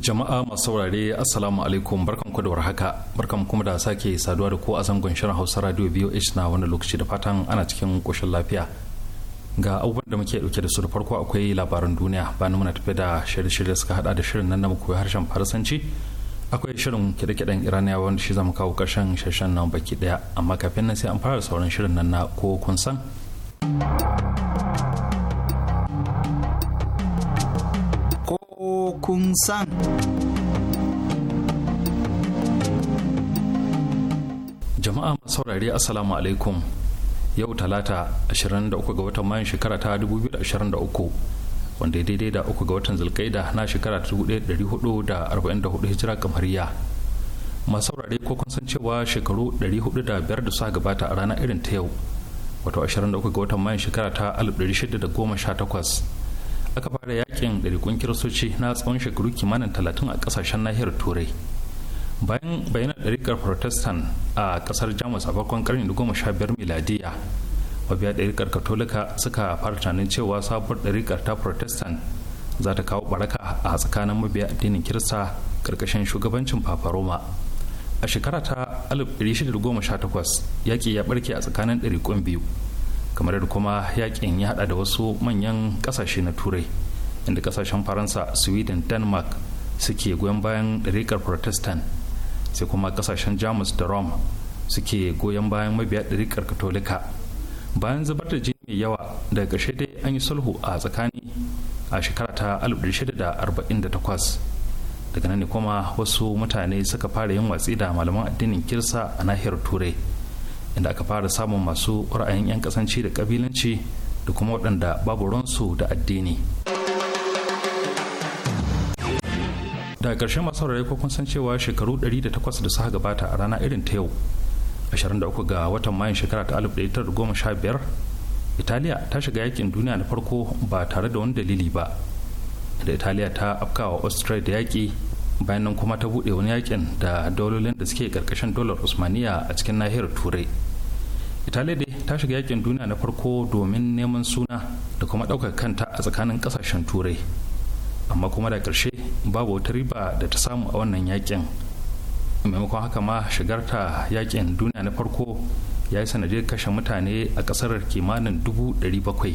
jama'a masu saurare assalamu alaikum barkan ku da warhaka barkan kuma da sake saduwa da ku a zangon shirin hausa radio voh na wani lokaci da fatan ana cikin koshin lafiya ga abubuwan da muke dauke da su da farko akwai labaran duniya bayan muna tafi da shirye-shirye suka hada da shirin nan na koyi harshen faransanci akwai shirin kide-kiden iraniya wanda shi zamu kawo karshen shirin nan baki daya amma kafin nan sai an fara sauran shirin nan na ko kun san kun san. Jama'a saurari Assalamu alaikum yau talata 23 ga watan mayan shekara ta 2023 wanda ya daidai da 3 ga watan zulkaida na shekara ta 1444 hijira kamariya masu saurare ko kun san cewa shekaru 405 da suka gabata a ranar irin ta yau wato 23 ga watan mayan shekara ta 1618 aka fara yakin ɗarikun kirsoci na tsawon shekaru kimanin talatin a ƙasashen nahiyar turai bayan bayanan ɗarikar protestant a ƙasar jamus a farkon ƙarni da goma sha biyar miladiya mabiya ɗarikar katolika suka fara tunanin cewa sabuwar ɗarikar ta protestant za ta kawo baraka a tsakanin mabiya addinin kirista ƙarƙashin shugabancin papa roma a shekara ta 1618 yaƙi ya ɓarke a tsakanin ɗarikun biyu kamar da kuma yakin ya hada da wasu manyan kasashe na turai inda kasashen faransa sweden denmark suke goyon bayan ɗariƙar protestant sai kuma kasashen jamus da rome suke goyon bayan mabiya ɗariƙar katolika bayan zubar da jini mai yawa daga ƙarshe dai an yi sulhu a tsakani a shekara ta 1648 daga nan ne kuma wasu mutane suka fara yin watsi da malaman addinin kirsa a nahiyar turai inda aka fara samun masu ra'ayin 'yan kasanci da kabilanci da kuma waɗanda babu ransu da addini daga ƙarshen masu rarrai ko kun san cewa shekaru 108 da suka gabata a rana irin ta yau 23 ga watan mayun shekara ta 1915 italiya ta shiga yakin duniya na farko ba tare da wani dalili ba da italiya ta afkawa austria da yaƙi bayan nan kuma ta buɗe wani yakin da dalolin da suke ƙarƙashin dolar usmaniya a cikin nahiyar turai italiya dai ta shiga yakin duniya na farko domin neman suna da kuma ɗaukar kanta a tsakanin ƙasashen turai amma kuma da ƙarshe babu wata riba da ta samu a wannan yakin maimakon haka ma shigarta yakin duniya na farko ya yi sanadiyar kashe mutane a ƙasar kimanin dubu bakwai.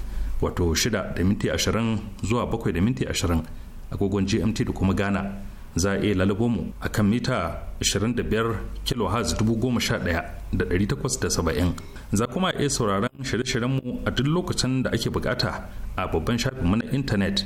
wato 6 da minti 20 zuwa 7 da minti 20 agogon gmt da kuma ghana za a iya lalabo mu a kan mita 25 kHz 11870 za kuma iya sauraron shirye-shiryen mu a duk lokacin da ake bukata a babban shafinmu na intanet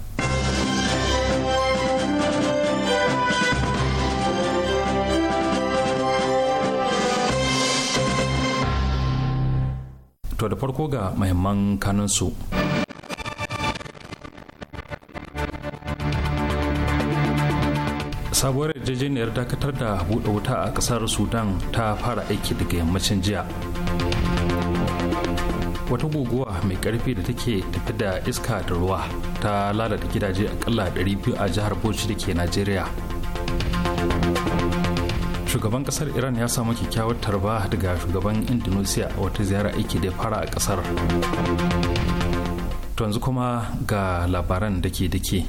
to da farko ga mahimman kaninsu. sabuwar yarjejeniyar dakatar da buɗe wuta a ƙasar sudan ta fara aiki daga yammacin jiya wata guguwa mai ƙarfi da take tafi da iska da ruwa ta lalata gidaje akalla 200 a jihar bauchi da ke najeriya shugaban kasar iran ya samu kyakkyawar tarba daga shugaban indonesia a wata ziyara aiki da fara a kasar yanzu kuma ga labaran da ke dake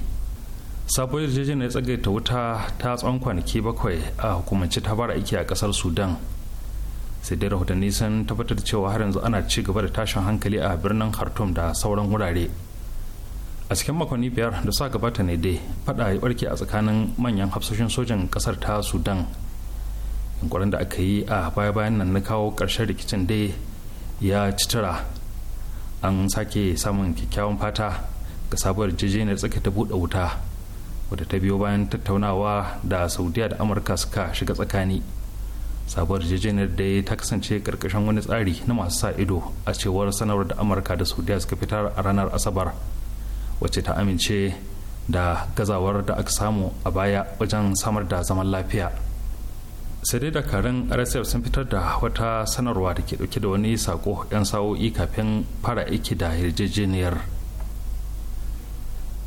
sabuwar yarjejeniyar tsagaita wuta ta tsawon kwanaki bakwai a hukumance ta fara aiki a kasar sudan sai dai rahotanni sun tabbatar cewa har yanzu ana ci gaba da tashin hankali a birnin khartoum da sauran wurare a cikin makonni biyar da suka gabata ne dai fada ya barke a tsakanin manyan hafsoshin sojan kasar ta sudan gwarin da aka yi a baya-bayan nan na kawo ƙarshen rikicin dai ya ci tara an sake samun kyakkyawan fata ga sabuwar yarjejeniyar tsaka ta buɗe wuta wadda ta biyo bayan tattaunawa da saudiya da amurka suka shiga tsakani sabuwar yarjejeniyar da ta kasance karkashin wani tsari na masu sa ido a cewar sanarwar da amurka da saudiya suka fitar a ranar asabar wacce ta amince da gazawar da aka samu a baya wajen samar da zaman lafiya. sai dai dakarun rsf sun fitar da wata sanarwa da ke dauke da wani sako 'yan sa'o'i kafin fara aiki da yarjejeniyar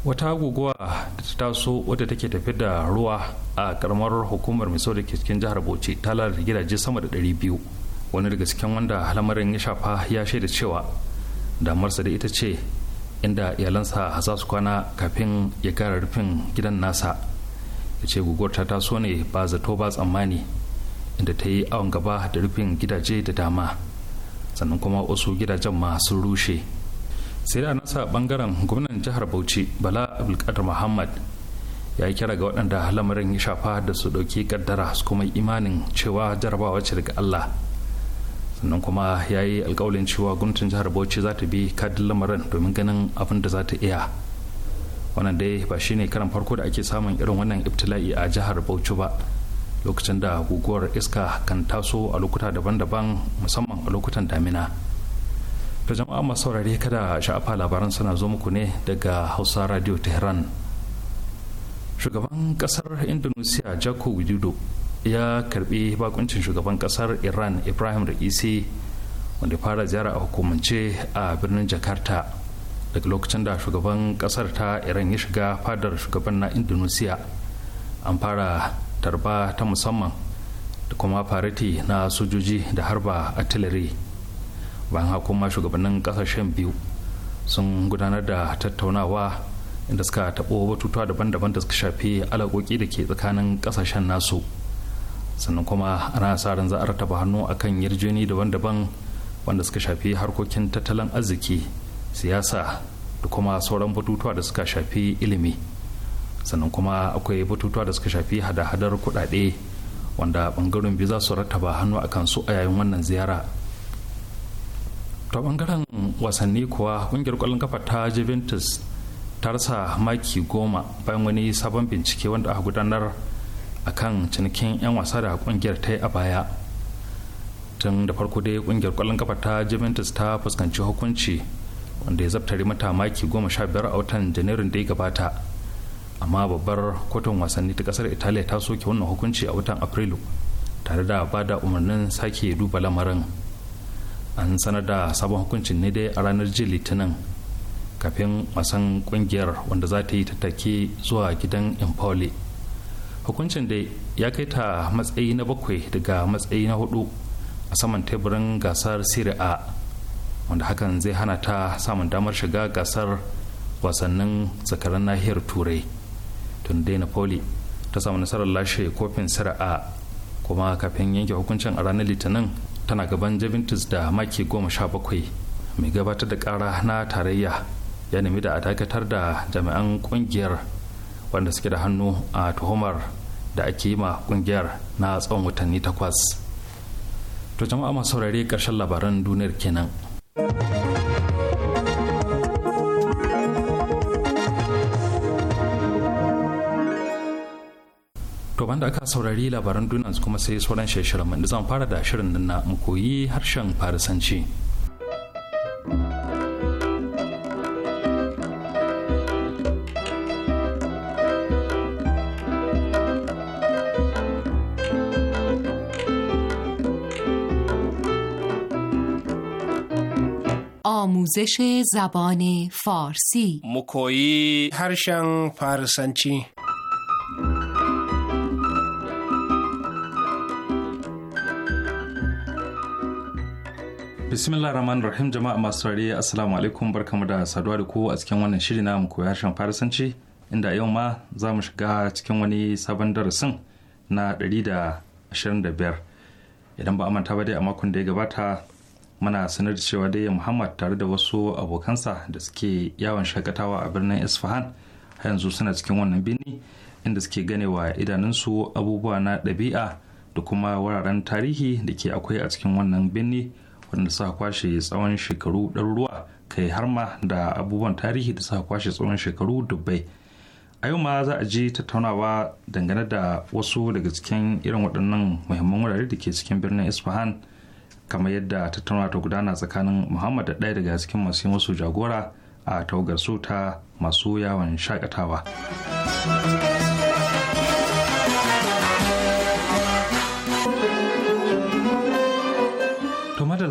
wata guguwa da ta taso wadda take tafi da ruwa a karamar hukumar miso da ke cikin jihar bauchi ta lalata gidaje sama da 200 wani daga cikin wanda lamarin ya shafa ya shaida cewa damarsa da ita ce inda iyalansa za su kwana kafin ya gara rufin gidan nasa ya ce guguwar ta taso ne ba zato ba tsammani inda ta yi awon gaba da rufin gidaje da dama sannan kuma wasu gidajen ma sun rushe sai da nasa bangaren gwamnan jihar bauchi bala abdulkadir muhammad ya yi kira ga waɗanda lamarin ya shafa da su ɗauki kaddara su kuma imanin cewa jarabawa ce daga allah sannan kuma ya yi alkawalin cewa gwamnatin jihar bauchi za ta bi kadin lamarin domin ganin abin da za ta iya wannan dai ba shine karan farko da ake samun irin wannan ibtila'i a jihar bauchi ba lokacin da guguwar iska kan taso a lokuta daban-daban musamman a lokutan damina ta jama'a masu saurari kada sha'afa labaran suna zo muku ne daga hausa radio tehran shugaban kasar indonesia jako widodo ya karbi bakuncin shugaban kasar iran ibrahim Raisi wanda fara ziyara a hukumance a birnin jakarta daga lokacin da shugaban kasar ta iran ya shiga fadar shugaban na indonesia an fara tarba ta musamman da kuma fariti na sojoji da harba artillery bayan haka kuma shugabannin kasashen biyu sun gudanar da tattaunawa inda suka taɓo batutuwa daban-daban da suka shafi alaƙoƙi da ke tsakanin kasashen nasu sannan kuma ana sa ran za a rataba hannu akan yarjejeni daban-daban wanda suka shafi harkokin tattalin arziki siyasa da kuma sauran batutuwa da suka shafi ilimi. sannan kuma akwai batutuwa da suka shafi hada-hadar kudade wanda bangaren biyu za su rattaba hannu a kansu a yayin wannan ziyara ta bangaren wasanni kuwa kungiyar kwallon kafa ta juventus ta rasa maki goma bayan wani sabon bincike wanda aka gudanar a kan cinikin 'yan wasa da kungiyar ta yi a baya tun da farko dai kungiyar kwallon kafa ta juventus ta fuskanci hukunci wanda ya zabtari mata maki goma sha biyar a watan janairun da ya gabata amma babbar kotun wasanni ta kasar italiya ta soke wannan hukunci a watan afrilu tare da ba da umarnin sake duba lamarin an sanar da sabon hukuncin ne dai a ranar jiya litinin kafin wasan kungiyar wanda za ta yi tattake zuwa gidan impoli hukuncin dai ya kai ta matsayi na bakwai daga matsayi na hudu a saman teburin gasar serie a wanda hakan zai hana ta samun damar shiga gasar wasannin zakaran nahiyar turai tunde napoli ta samu nasarar lashe kofin sira kuma kafin yanke hukuncin a ranar litinin tana gaban jabintus da maki goma sha bakwai mai gabatar da kara na tarayya ya nemi da a dakatar da jami'an kungiyar wanda suke da hannu a tuhumar da ake yi ma kungiyar na tsawon watanni takwas to jama'a masu saurare karshen labaran duniyar kenan. wanda da aka saurari labaran duniya kuma sai sauran shirin mun zan fara da shirin nan na mu koyi harshen farisanci آموزش زبان فارسی مکویی هرشن فارسنچی bismillah rahman rahim jama'a masu sauri assalamu alaikum barkamu da saduwa da ku a cikin wannan shiri na mu koyar harshen farisanci inda yau ma za mu shiga cikin wani sabon darasin na ɗari da biyar idan ba a manta ba dai a makon da ya gabata muna sanar da cewa dai muhammad tare da wasu abokansa da suke yawon shakatawa a birnin isfahan har yanzu suna cikin wannan birni inda suke ganewa idanunsu abubuwa na ɗabi'a da kuma wuraren tarihi da ke akwai a cikin wannan birni wanda suka kwashe tsawon shekaru ɗaruruwa kai har ma da abubuwan tarihi da suka kwashe tsawon shekaru dubbai a yau ma za a je tattaunawa dangane da wasu daga cikin irin waɗannan muhimman wurare da ke cikin birnin isfahan kamar yadda tattaunawa ta gudana tsakanin muhammad da ɗaya daga cikin masu masu jagora a tawagar su ta masu yawon shakatawa.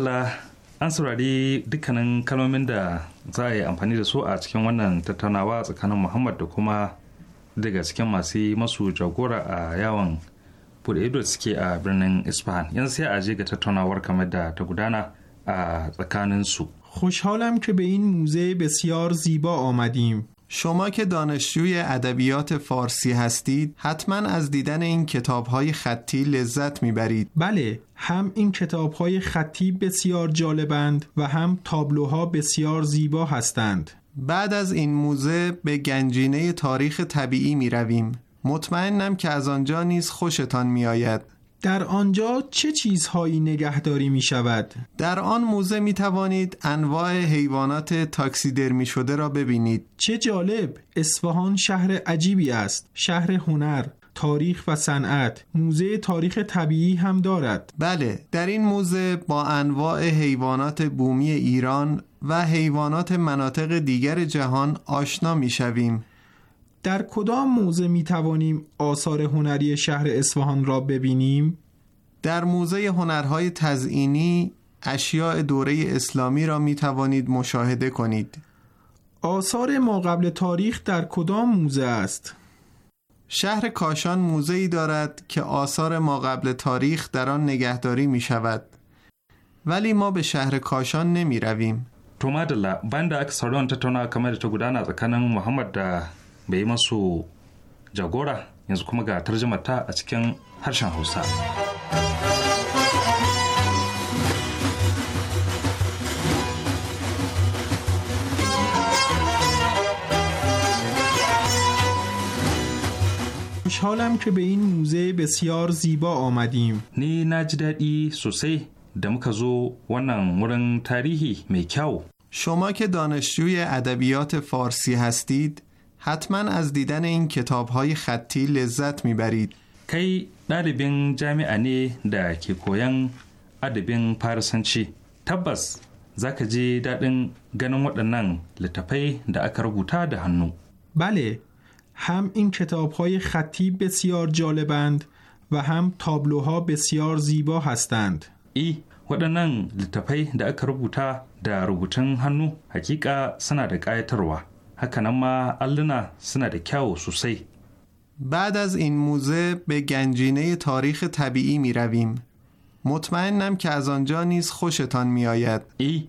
Allah an saurari dukkanin kalmomin da za a yi amfani da su a cikin wannan tattaunawa tsakanin muhammad da kuma daga cikin masu masu jagora a yawon bude ido suke a birnin isfahan yanzu sai a je ga tattaunawar kamar da ta gudana a tsakanin خوشحالم که به این موزه بسیار زیبا آمدیم. شما که دانشجوی ادبیات فارسی هستید حتما از دیدن این کتابهای خطی لذت میبرید بله هم این کتابهای خطی بسیار جالبند و هم تابلوها بسیار زیبا هستند بعد از این موزه به گنجینه تاریخ طبیعی می رویم مطمئنم که از آنجا نیز خوشتان می آید. در آنجا چه چیزهایی نگهداری می شود؟ در آن موزه می توانید انواع حیوانات تاکسیدرمی شده را ببینید. چه جالب! اصفهان شهر عجیبی است. شهر هنر، تاریخ و صنعت موزه تاریخ طبیعی هم دارد بله در این موزه با انواع حیوانات بومی ایران و حیوانات مناطق دیگر جهان آشنا می شویم در کدام موزه می توانیم آثار هنری شهر اصفهان را ببینیم؟ در موزه هنرهای تزئینی اشیاء دوره اسلامی را می توانید مشاهده کنید. آثار ما قبل تاریخ در کدام موزه است؟ شهر کاشان موزه ای دارد که آثار ما قبل تاریخ در آن نگهداری می شود. ولی ما به شهر کاشان نمی رویم. تو مدلا بند اکسارون تتونا کمر تو گدانا محمد bai masu jagora yanzu kuma ga tarjama ta a cikin harshen hausa خوشحالم که به این موزه بسیار زیبا آمدیم نی نجددی سوسی دمکزو ونن مرن تاریخی میکاو شما که دانشجوی ادبیات فارسی هستید حتما از دیدن این کتاب های خطی لذت میبرید کی نالبین جامعه نی دا کی کوین ادبین فارسی تبس زکه جی دادن گنم و دنن لطفی دا اکر بوتا بله هم این کتاب های خطی بسیار جالبند و هم تابلوها بسیار زیبا هستند ای و دنن لطفی دا اکر بوتا دا رو هنو حکیقا hakanan ma alluna suna da kyau sosai بعد از این موزه به گنجینه تاریخ طبیعی می رویم مطمئنم که از آنجا نیز خوشتان میآید آید ای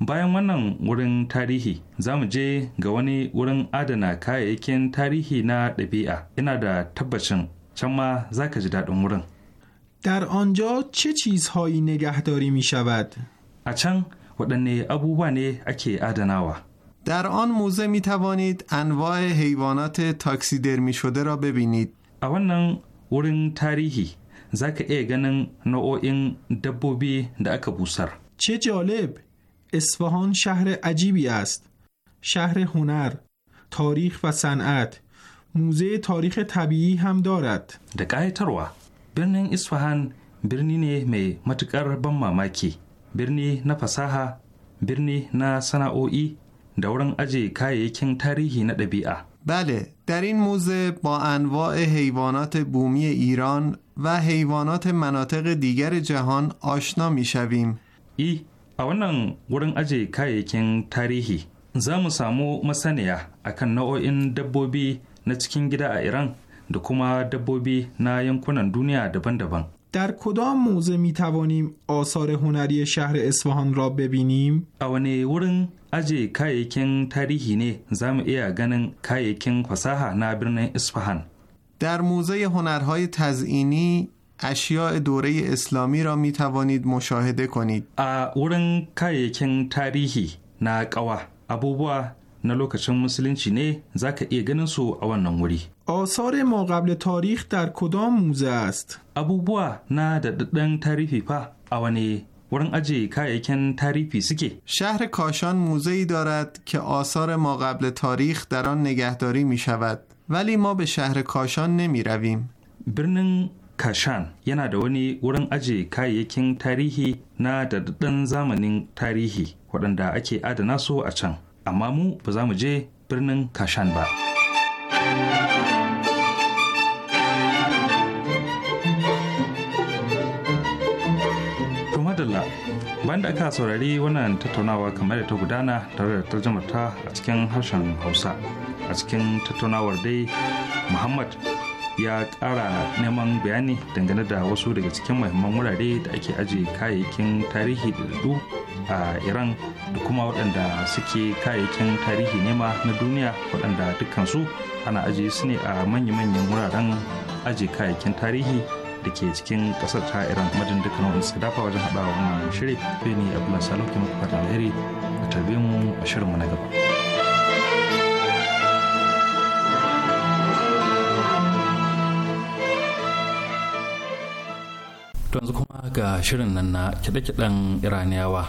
بایان ونن ورن تاریخی زم جه گوانی ورن تاریحی که ایکن تاریخی نا دبیع اینا دا تبشن چما زاک جداد ورن در آنجا چه چیزهایی نگهداری می شود؟ اچان ودنی ابو وانی اکی آدناوه در آن موزه می توانید انواع حیوانات تاکسیدرمی شده را ببینید. اولا ورن تاریخی زک ایگنن این دبوبی دا بوسر چه جالب! اصفهان شهر عجیبی است. شهر هنر، تاریخ و صنعت. موزه تاریخ طبیعی هم دارد. دکای تروا برنین اصفهان برنی نه می متکر بم ماماکی. برنی نه فساحه، برنی نه da wurin ajiye kayayyakin tarihi na ɗabi'a. بله در این موزه با انواع حیوانات بومی ایران و حیوانات مناطق دیگر جهان آشنا می شویم ای اوانن ورن اجی کایکن تاریخی زامو سامو مسانیا اکن این دبوبی na cikin ایران a دبوبی da kuma دنیا na yankunan در کدام موزه می توانیم آثار هنری شهر اصفهان را ببینیم؟ اوانه ورن aje kayayyakin tarihi ne za mu iya ganin kayayyakin fasaha na birnin Isfahan. در موزه هنرهای تزئینی اشیاء دوره اسلامی را می توانید مشاهده کنید. اورن کایکن تاریخی نا قوا ابوبوا نا لوکاشن مسلمچی نه زاکا ای گنن سو ا وانن وری. آثار ما قبل تاریخ در کدام موزه است؟ ابوبوا نا ددن تاریخی پا ا ورن اجی کای کن شهر کاشان موزه ای دارد که آثار ما قبل تاریخ در آن نگهداری می شود ولی ما به شهر کاشان نمی رویم برنن کاشان یه دونی ورن اجی که تاریحی تاریخی نا ددن زمانین تاریخی ودن دا اکی ادناسو اچن اما مو بزامو جی برنن کاشان با Thank you. bayan da aka saurari wannan tattaunawa kamar da ta gudana tare da ta ta a cikin harshen hausa a cikin tattaunawar dai muhammad ya kara neman bayani dangane da wasu daga cikin mahimman wurare da ake aje kayayyakin tarihi da dadu a iran da kuma waɗanda suke kayayyakin tarihi nema na duniya waɗanda dukkansu ana ajiye su ne a manya-manyan wuraren aje kayayyakin tarihi da ke cikin kasar ta iran madin dukkan wanda suka dafa wajen haɗa wannan shiri sai ne abdullahi salo ke muku fatan alheri a tarbe mu a shirinmu na gaba. yanzu kuma ga shirin nan na kiɗe-kiɗen iraniyawa.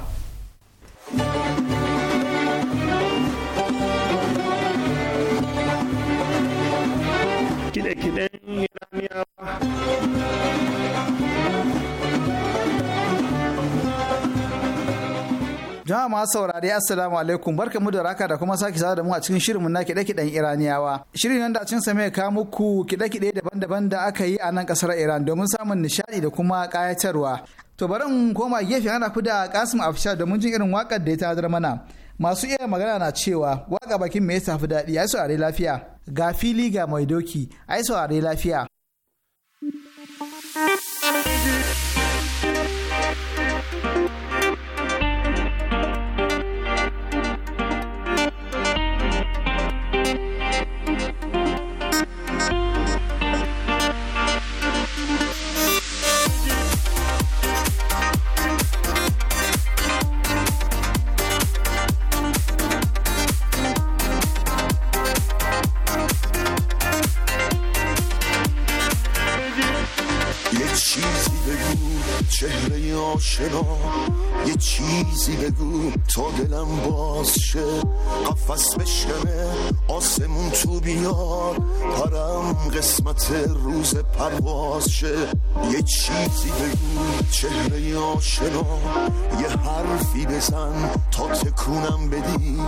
masu saurari assalamu alaikum barka mu da raka da kuma sake sada da mu a cikin shirinmu na kiɗe-kiɗen iraniyawa shirin nan da cin sa mai ka muku kiɗe-kiɗe daban-daban da aka yi a nan ƙasar iran domin samun nishaɗi da kuma kayatarwa. to bari in koma gefe ana ku da kasim da domin jin irin waƙar da ya tazar mana masu iya magana na cewa waƙa bakin me ya tafi daɗi ai saurari lafiya ga fili ga mai doki ai saurari lafiya. یه چیزی بگو تا دلم باز شه قفص بشکنه آسمون تو بیار پرم قسمت روز پرواز شه یه چیزی بگو چهره آشنا یه حرفی بزن تا تکونم بدی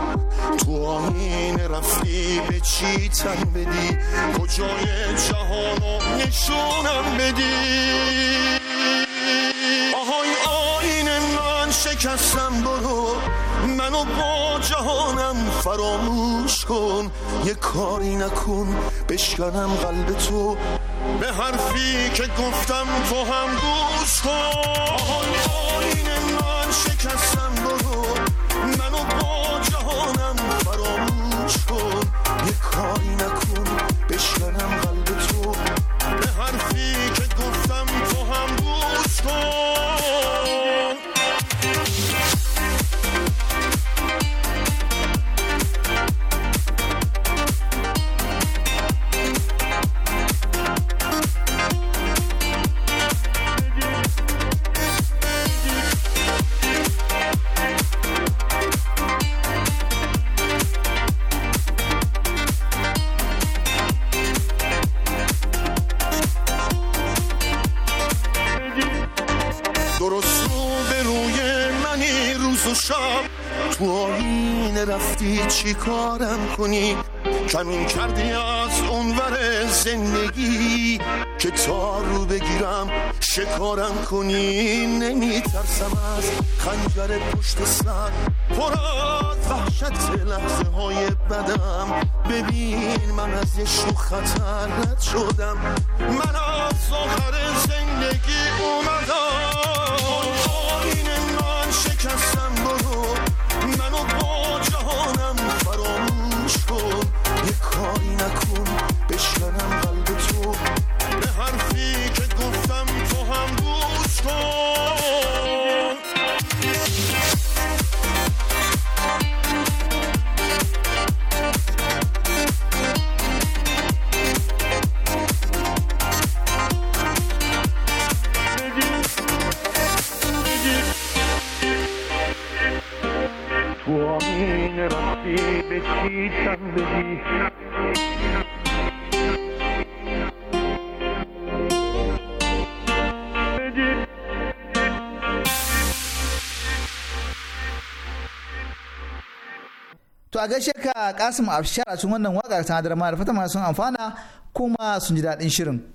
تو آمین رفتی به چی تن بدی کجای جهانو نشونم بدی شکستم برو منو با جهانم فراموش کن یه کاری نکن بشکنم قلب تو به حرفی که گفتم تو هم گوش کن این من شکستم برو منو با جهانم فراموش کن یه کاری گفتی چی کارم کنی کمین کردی از اونور زندگی که تا رو بگیرم شکارم کنی نمی ترسم از خنجر پشت سر پر وحشت لحظه های بدم ببین من از یه شو خطر شدم من از آخر زندگی اومدم این من شکستم To a gaishe ka Kasim Afshar a sun wannan waƙar ta da masu amfana kuma sun ji daɗin shirin.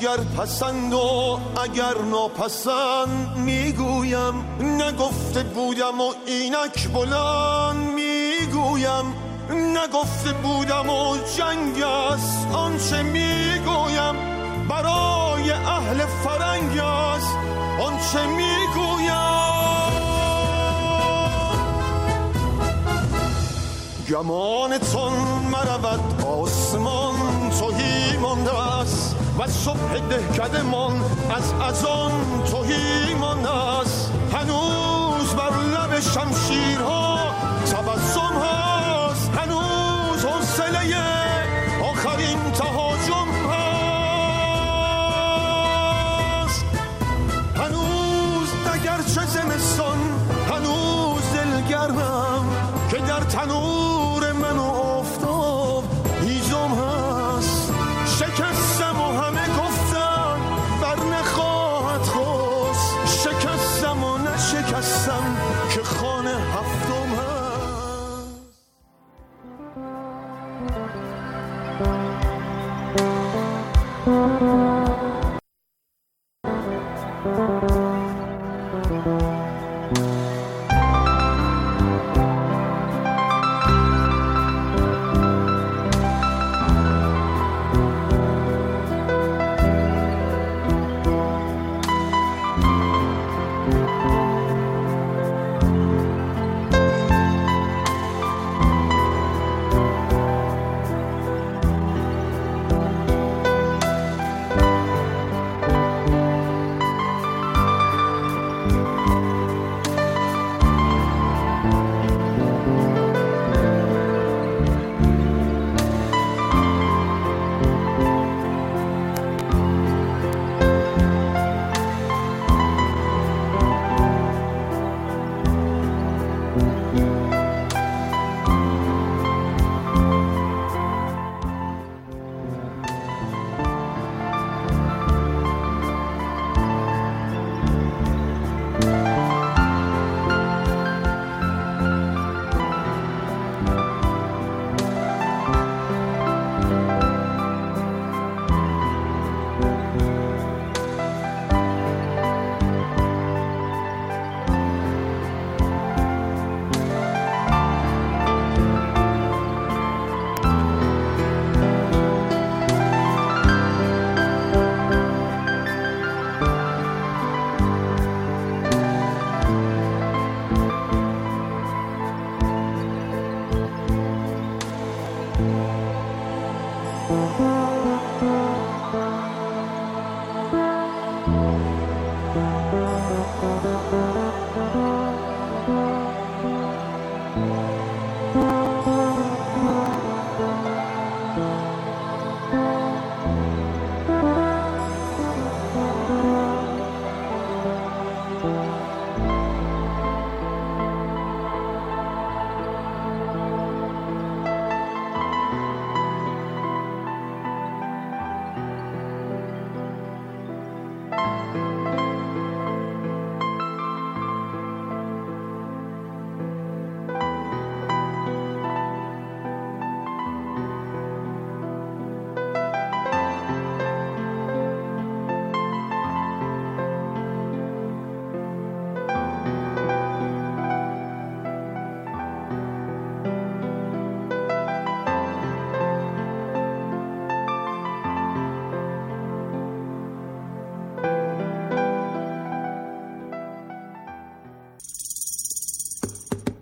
اگر پسند و اگر ناپسند میگویم نگفته بودم و اینک بلند میگویم نگفته بودم و جنگ است آنچه میگویم برای اهل فرنگ است آنچه میگویم گمانتون مرود آسمان توهی مانده است و صبح من از از آن من است هنوز بر لب شمشیرها تبسم هست هنوز حسله آخرین تهاجم هست هنوز دگر چه زمستان هنوز دلگرمم که در تنور